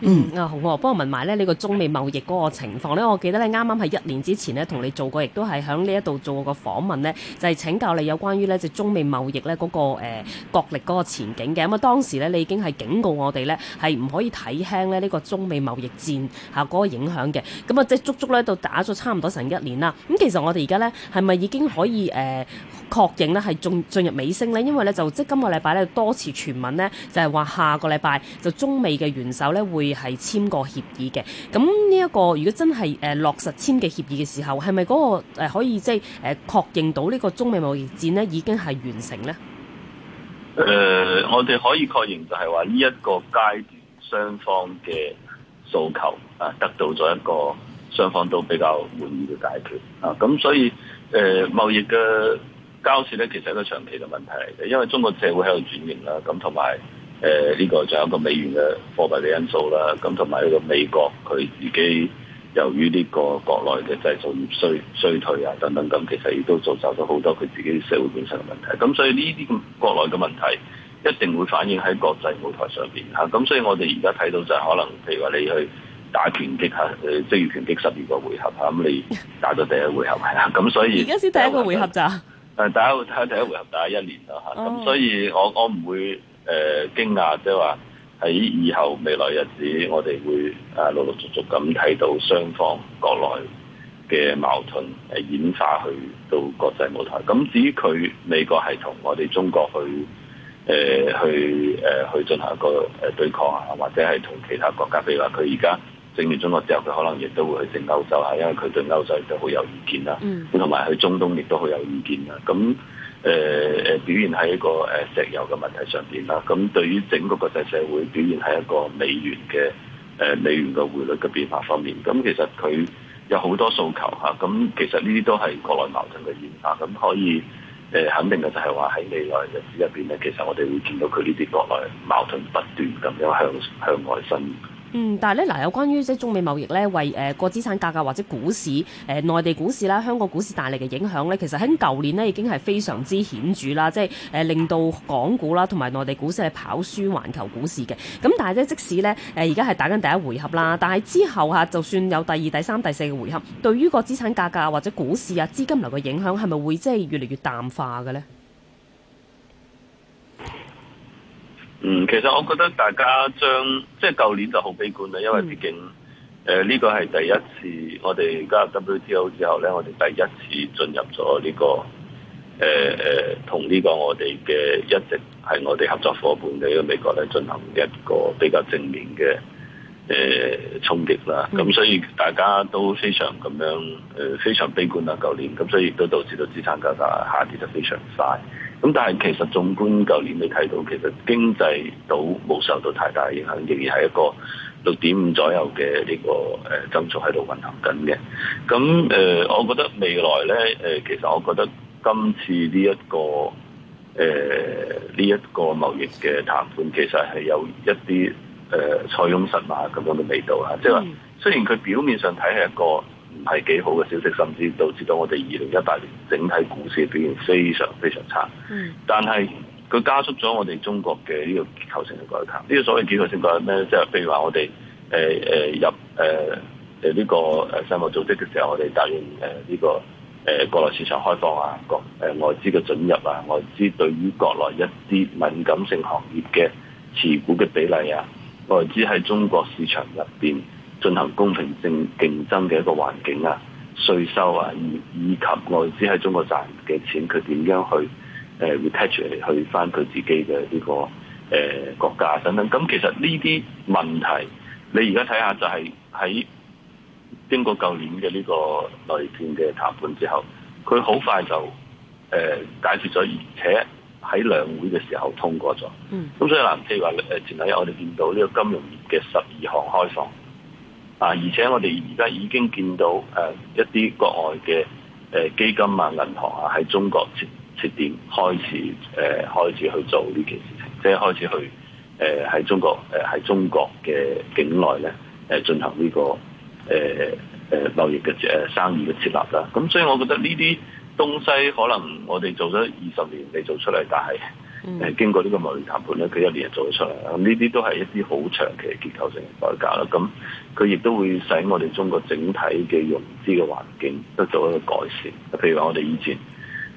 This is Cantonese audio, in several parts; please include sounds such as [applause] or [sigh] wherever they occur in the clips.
嗯，嗯，啊洪哥，幫、啊、我問埋咧呢、這個中美貿易嗰個情況咧。我記得咧啱啱係一年之前咧，同你做過，亦都係喺呢一度做過個訪問咧，就係、是、請教你有關於呢即中美貿易咧嗰、那個誒、呃、國力嗰個前景嘅。咁、嗯、啊當時咧，你已經係警告我哋咧，係唔可以睇輕咧呢、這個中美貿易戰嗰個影響嘅。咁、嗯、啊即係足足咧到打咗差唔多成一年啦。咁、嗯、其實我哋而家咧係咪已經可以、呃、確認咧係進入尾聲咧？因為咧就即今個禮拜咧多次傳聞咧就係、是、話下個禮拜就中美嘅元首咧會係簽過協議嘅，咁呢一個如果真係誒、呃、落實簽嘅協議嘅時候，係咪嗰個誒、呃、可以即係誒確認到呢個中美貿易戰咧已經係完成呢？誒、呃，我哋可以確認就係話呢一個階段雙方嘅訴求啊，得到咗一個雙方都比較滿意嘅解決啊。咁所以誒貿、呃、易嘅交涉咧，其實係一個長期嘅問題嚟嘅，因為中國社會喺度轉型啦，咁同埋。誒、呃、呢、這個仲有一個美元嘅貨幣嘅因素啦，咁同埋呢個美國佢自己由於呢個國內嘅製造業衰衰退啊等等，咁其實亦都造就咗好多佢自己社會本身嘅問題。咁所以呢啲國內嘅問題一定會反映喺國際舞台上邊嚇，咁所以我哋而家睇到就係可能，譬如話你去打拳擊嚇，誒職業拳擊十二個回合嚇，咁你打咗第一回合係啊，咁 [laughs] 所以而家先第一個回合咋？誒， [laughs] 第一個睇第一回合打一年啦咁 [laughs] 所以我我唔會。誒、呃、驚訝，即係話喺以後未來日子，我哋會啊陸陸續續咁睇到雙方國內嘅矛盾誒演化去到國際舞台。咁至於佢美國係同我哋中國去誒、呃、去誒、呃、去進行一個誒對抗啊，或者係同其他國家，譬如話佢而家整完中國之後，佢可能亦都會去整歐洲啊，因為佢對歐洲亦都好有意見啦。咁同埋佢中東亦都好有意見啦。咁誒、呃、誒、呃、表現喺一個誒石油嘅問題上邊啦，咁、啊嗯、對於整個國際社會表現喺一個美元嘅誒、呃、美元嘅匯率嘅變化方面，咁、嗯、其實佢有好多訴求嚇，咁、啊嗯、其實呢啲都係國內矛盾嘅演化，咁、嗯、可以誒、呃、肯定嘅就係話喺未來日子入邊咧，其實我哋會見到佢呢啲國內矛盾不斷咁樣向向外伸。嗯，但係咧嗱，有關於即係中美貿易咧，為誒個、呃、資產價格或者股市誒、呃、內地股市啦、香港股市帶嚟嘅影響咧，其實喺舊年呢已經係非常之顯著啦，即係、呃、令到港股啦同埋內地股市係跑輸環球股市嘅。咁但係咧，即使咧誒而家係打緊第一回合啦，但係之後嚇就算有第二、第三、第四嘅回合，對於個資產價格或者股市啊資金流嘅影響係咪會即係越嚟越淡化嘅咧？嗯，其實我覺得大家將即係舊年就好悲觀啦，因為畢竟誒呢、呃呢個係第一次，我哋加入 WTO 之後呢，我哋第一次進入咗呢、呢個誒誒同呢個我哋嘅一直係我哋合作伙伴嘅一個美國呢進行一個比較正面嘅誒衝擊啦。咁、呃嗯、所以大家都非常咁樣、呃、非常悲觀啦，舊年。咁所以亦都導致到資產價格下跌得非常快。咁但係其實縱觀舊年你睇到，其實經濟都冇受到太大影響，仍然係一個六點五左右嘅呢個誒增速喺度運行緊嘅。咁誒，我覺得未來咧誒，其實我覺得今次呢、這、一個誒呢一個貿易嘅談判，其實係有一啲誒塞翁失馬咁樣嘅味道啊。即係話，雖然佢表面上睇係一個。唔係幾好嘅消息，甚至導致到我哋二零一八年整體股市表現非常非常差。嗯，但係佢加速咗我哋中國嘅呢個結構性嘅改革。呢個所謂結構性改革咩？即係譬如話我哋誒誒入誒誒呢個誒世貿組織嘅時候，我哋答應誒呢個誒、呃、國內市場開放啊，國誒外資嘅准入啊，外資對於國內一啲敏感性行業嘅持股嘅比例啊，外資喺中國市場入邊，進行公平競競爭嘅一個環境啊，稅收啊，以以及外資喺中國賺嘅錢，佢點樣去誒匯出嚟去翻佢自己嘅呢、這個誒、呃、國家、啊、等等。咁其實呢啲問題，你而家睇下就係喺經過舊年嘅呢個內戰嘅談判之後，佢好快就誒、呃、解決咗，而且喺兩會嘅時候通過咗。嗯，咁所以嗱，譬如話誒前兩日我哋見到呢個金融業嘅十二項開放。啊！而且我哋而家已經見到誒、啊、一啲國外嘅誒、啊、基金啊、銀行啊，喺中國設設點開始誒、啊、開始去做呢件事情，即係開始去誒喺、啊、中國誒喺、啊、中國嘅境內咧誒、啊、進行呢、這個誒誒誒貿易嘅誒生意嘅設立啦。咁、啊、所以我覺得呢啲東西可能我哋做咗二十年未做出嚟，但係，誒、嗯、經過呢個貿易談判咧，佢一年就做咗出嚟啦。咁呢啲都係一啲好長期嘅結構性改革啦。咁佢亦都會使我哋中國整體嘅融資嘅環境都做一個改善。譬如話我哋以前誒、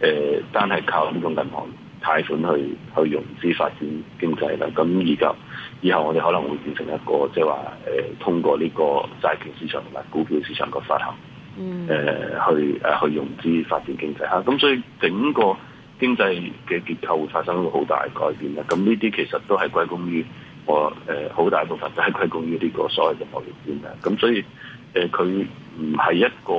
呃、單係靠呢個銀行貸款去去融資發展經濟啦。咁而家以後我哋可能會變成一個即係話通過呢個債券市場同埋股票市場個發行、嗯呃、去去融資發展經濟嚇。咁所以整個。經濟嘅結構會發生好大改變啦，咁呢啲其實都係歸功於我誒好、呃、大部分都係歸功於呢個所謂嘅貿易戰，咁所以誒佢唔係一個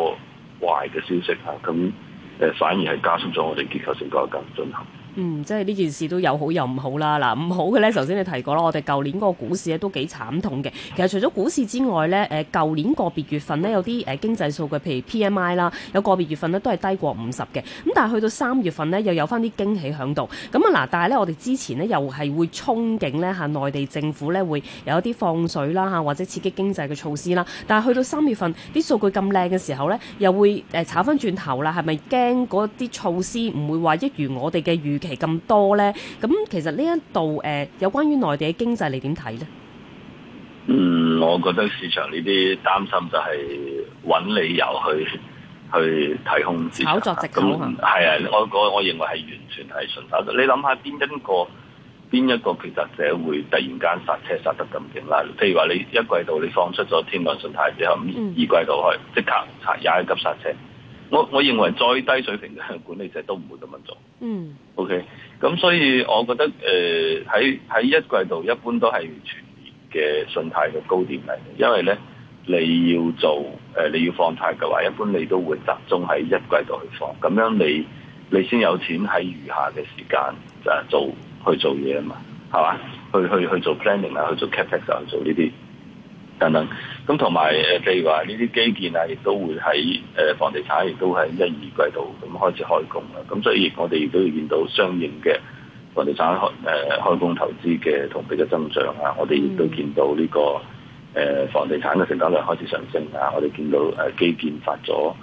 壞嘅消息嚇，咁誒、呃、反而係加速咗我哋結構性改革進行。嗯，即係呢件事都有好有唔好啦。嗱，唔好嘅呢，頭先你提過啦，我哋舊年嗰個股市咧都幾慘痛嘅。其實除咗股市之外呢，誒舊年個別月份呢，有啲誒經濟數據，譬如 P M I 啦，有個別月份呢都係低過五十嘅。咁但係去到三月份呢，又有翻啲驚喜喺度。咁啊嗱，但係呢，我哋之前呢，又係會憧憬呢，嚇內地政府呢會有一啲放水啦或者刺激經濟嘅措施啦。但係去到三月份啲數據咁靚嘅時候呢，又會誒炒翻轉頭啦。係咪驚嗰啲措施唔會話一如我哋嘅預？其咁多咧，咁其實呢一度誒，有關於內地嘅經濟，你點睇咧？嗯，我覺得市場呢啲擔心就係揾理由去去睇空資產，炒作藉口啊。係啊、嗯，我我我認為係完全係順手。你諗下邊一個邊一個決策者會突然間剎車剎得咁勁啦？譬如話你一季度你放出咗天量信貸之後，咁、嗯、二季度去即刻踩一擦急剎車。我我認為再低水平嘅管理者都唔會咁樣做。嗯。OK。咁所以我覺得誒喺喺一季度一般都係全年嘅信貸嘅高點嚟，因為咧你要做誒、呃、你要放貸嘅話，一般你都會集中喺一季度去放。咁樣你你先有錢喺餘下嘅時間就係做去做嘢啊嘛，係嘛？去去去做 planning 啊，去做 capex，去做呢啲。等等，咁同埋誒，譬如話呢啲基建啊，亦都會喺房地產亦都係一二季度咁開始開工啦。咁所以我哋亦都見到相應嘅房地產開工投資嘅同比嘅增長啊。我哋亦都見到呢個房地產嘅成交量開始上升啊。我哋見到基建發咗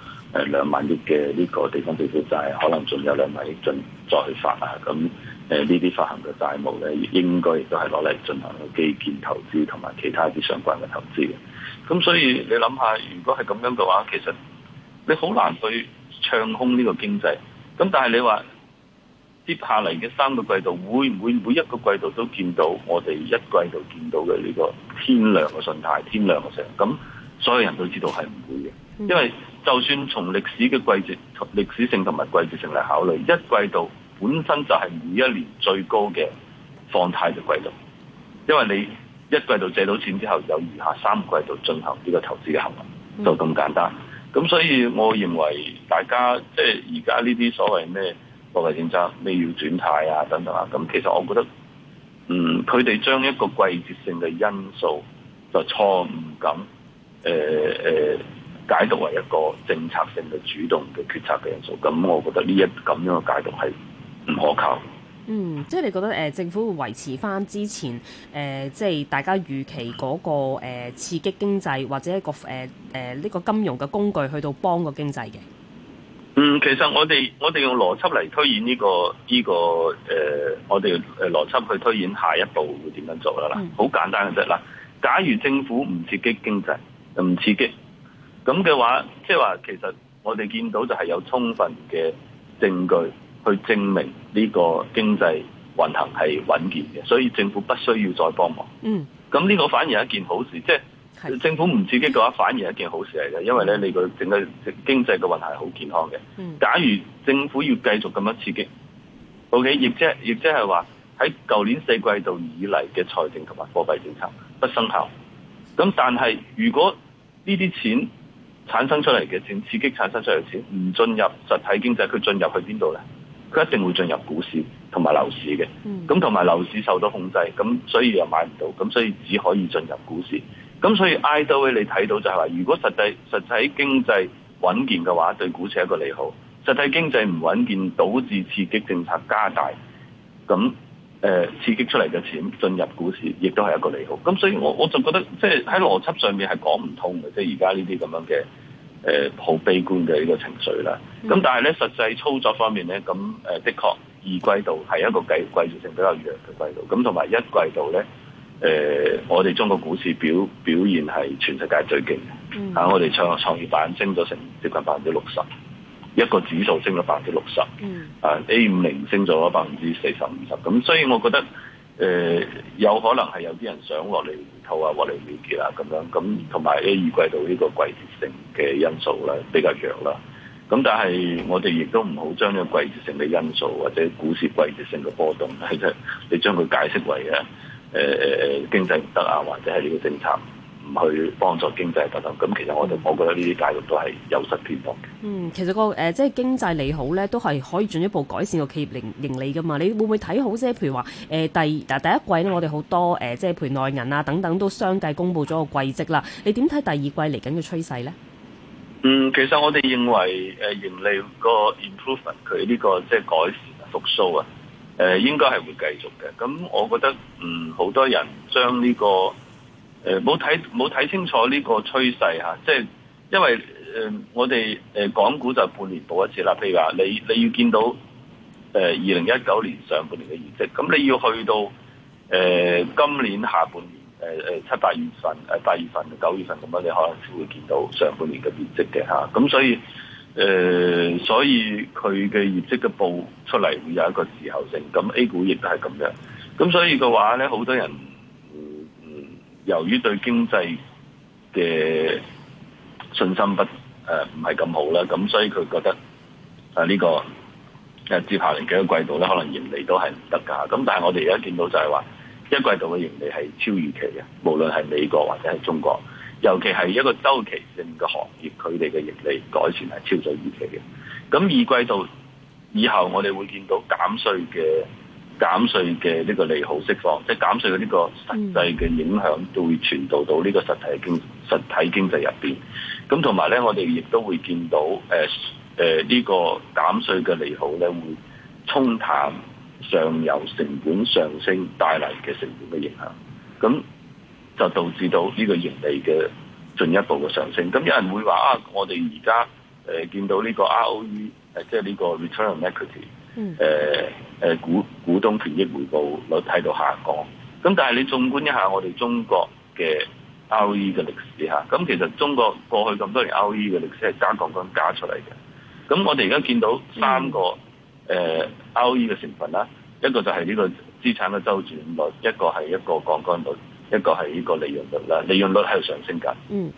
兩萬億嘅呢個地方政府債，可能仲有兩萬億進再去發啊。咁誒呢啲發行嘅債務咧，應該亦都係攞嚟進行嘅基建投資同埋其他啲相關嘅投資嘅。咁所以你諗下，如果係咁樣嘅話，其實你好難去唱空呢個經濟。咁但係你話接下嚟嘅三個季度會唔會每一個季度都見到我哋一季度見到嘅呢個天量嘅信貸、天量嘅成？咁所有人都知道係唔會嘅，因為就算從歷史嘅季節、歷史性同埋季節性嚟考慮，一季度。本身就係每一年最高嘅放貸嘅季度，因為你一季度借到錢之後，有餘下三個季度進行呢個投資嘅行為，就咁簡單。咁所以，我認為大家即係而家呢啲所謂咩貨幣政策，咩要轉貸啊等等啊，咁其實我覺得，嗯，佢哋將一個季節性嘅因素就錯誤咁誒誒解讀為一個政策性嘅主動嘅決策嘅因素，咁我覺得呢一咁樣嘅解讀係唔可靠。嗯，即係你覺得誒、呃，政府會維持翻之前誒、呃，即係大家預期嗰、那個誒、呃、刺激經濟或者一個誒誒呢個金融嘅工具去到幫個經濟嘅。嗯，其實我哋我哋用邏輯嚟推演呢、這個呢、這個誒、呃，我哋誒邏輯去推演下一步會點樣做啦？嗱，好簡單嘅啫嗱。假如政府唔刺激經濟，唔刺激，咁嘅話，即係話其實我哋見到就係有充分嘅證據。去證明呢個經濟運行係穩健嘅，所以政府不需要再幫忙。嗯，咁呢個反而係一件好事，即係政府唔刺激嘅話，反而係一件好事嚟嘅，因為咧，你，嗯，個整個經濟嘅運行係好健康嘅。假如政府要繼續咁樣刺激，O K，亦即係亦即係話喺舊年四季度以嚟嘅財政同埋貨幣政策不生效。咁但係，如果呢啲錢產生出嚟嘅錢刺激產生出嚟嘅錢，唔進入實體經濟，佢進入去邊度呢？佢一定會進入股市同埋樓市嘅，咁同埋樓市受到控制，咁所以又買唔到，咁所以只可以進入股市。咁所以 I don't know，你睇到就係話，如果實際實體經濟穩健嘅話，對股市係一個利好；實體經濟唔穩健，導致刺激政策加大，咁誒、呃、刺激出嚟嘅錢進入股市，亦都係一個利好。咁所以我我就覺得，即係喺邏輯上面係講唔通嘅，即係而家呢啲咁樣嘅。誒、呃、好悲觀嘅呢個情緒啦，咁、嗯、但係咧實際操作方面咧，咁誒的確二季度係一個季季節性比較弱嘅季度，咁同埋一季度咧，誒、呃、我哋中國股市表表現係全世界最勁嘅，嗯啊，我哋創創業板升咗成接近百分之六十，一個指數升咗百分之六十，啊 A 五零升咗百分之四十五十，咁、嗯、所以我覺得。誒、呃、有可能係有啲人想落嚟套啊，落嚟了結啊咁樣，咁同埋呢，二季度呢個季節性嘅因素咧比較強啦。咁但係我哋亦都唔好將呢個季節性嘅因素或者股市季節性嘅波動，係你將佢解釋為啊誒誒經濟唔得啊，或者係呢個政策。去幫助經濟等等，咁其實我哋，我覺得呢啲介入都係有失偏頗嘅。嗯，其實、個誒、呃，即係經濟利好咧，都係可以進一步改善個企業盈盈利㗎嘛。你會唔會睇好啫？譬如話誒、呃，第嗱第一季咧，我哋好多誒、呃，即係盤內銀啊等等，都相繼公布咗個季績啦。你點睇第二季嚟緊嘅趨勢咧？嗯，其實我哋認為誒盈利 improvement，個 improvement，佢呢個即係改善復甦啊，誒、呃、應該係會繼續嘅。咁我覺得嗯，好多人將呢、呢個。誒、呃，冇睇冇睇清楚呢個趨勢吓，即係因為誒、呃，我哋誒港股就半年報一次啦。譬如話你你要見到誒二零一九年上半年嘅業績，咁你要去到誒、呃、今年下半年誒誒、呃、七八月份誒、呃、八月份九月份咁樣，你可能先會見到上半年嘅業績嘅吓。咁、啊、所以誒、呃，所以佢嘅業績嘅報出嚟會有一個滯後性。咁 A 股亦都係咁樣。咁所以嘅話咧，好多人。由於對經濟嘅信心不誒唔係咁好啦，咁所以佢覺得誒呢個誒接下嚟幾個季度咧，可能盈利都係唔得噶。咁但係我哋而家見到就係話，一季度嘅盈利係超預期嘅，無論係美國或者係中國，尤其係一個周期性嘅行業，佢哋嘅盈利改善係超咗預期嘅。咁二季度以後，我哋會見到減稅嘅。減稅嘅呢個利好釋放，即係減稅嘅呢個實際嘅影響都會傳導到呢個實體經實體經濟入邊。咁同埋咧，我哋亦都會見到誒誒呢個減稅嘅利好咧，會沖淡上游成本上升帶嚟嘅成本嘅影響。咁就導致到呢個盈利嘅進一步嘅上升。咁有人會話啊，我哋而家誒見到呢個 ROE，誒即係呢個 return on equity，誒誒股。嗯股東權益回報率睇到下降，咁但係你縱觀一下我哋中國嘅 ROE 嘅歷史吓，咁其實中國過去咁多年 ROE 嘅歷史係加槓桿加出嚟嘅，咁我哋而家見到三個誒 ROE 嘅成分啦，嗯，一個就係呢個資產嘅周轉率，一個係一個槓桿率，一個係呢個利潤率啦，利潤率喺度上升緊，嗯，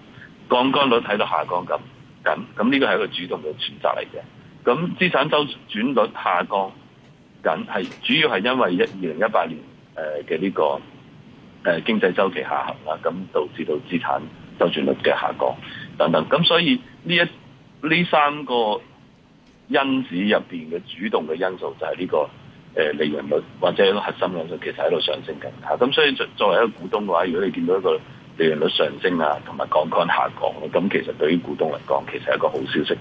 槓桿率睇到下降咁緊，咁呢個係一個主動嘅選擇嚟嘅，咁資產周轉率下降。緊主要係因為一二零一八年誒嘅呢個誒經濟周期下行啦，咁導致到資產周轉率嘅下降等等，咁所以呢一呢三個因子入邊嘅主動嘅因素就係呢個誒利潤率或者一個核心因素其實喺度上升緊嚇。咁所以作作為一個股東嘅話，如果你見到一個利潤率上升啊，同埋槓桿下降咁，其實對於股東嚟講，其實係一個好消息，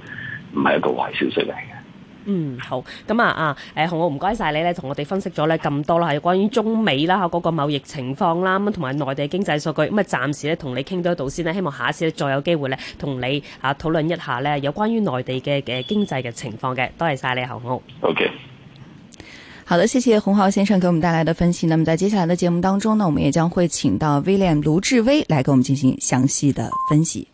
唔係一個壞消息嚟嘅。嗯，好，咁、嗯、啊，啊，誒，洪灝，唔該晒你呢。同我哋分析咗呢咁多啦，係關於中美啦，嗰個貿易情況啦，咁同埋內地經濟數據，咁啊，暫時呢，同你傾多一度先咧，希望下一次咧再有機會呢，同你啊討論一下呢有關於內地嘅嘅經濟嘅情況嘅，多謝晒你，洪灝。o、okay. k 好的，謝謝洪灝先生給我們帶來的分析。那麼在接下來的節目當中呢，我們也將會請到 William 盧志威來給我們進行詳細嘅分析。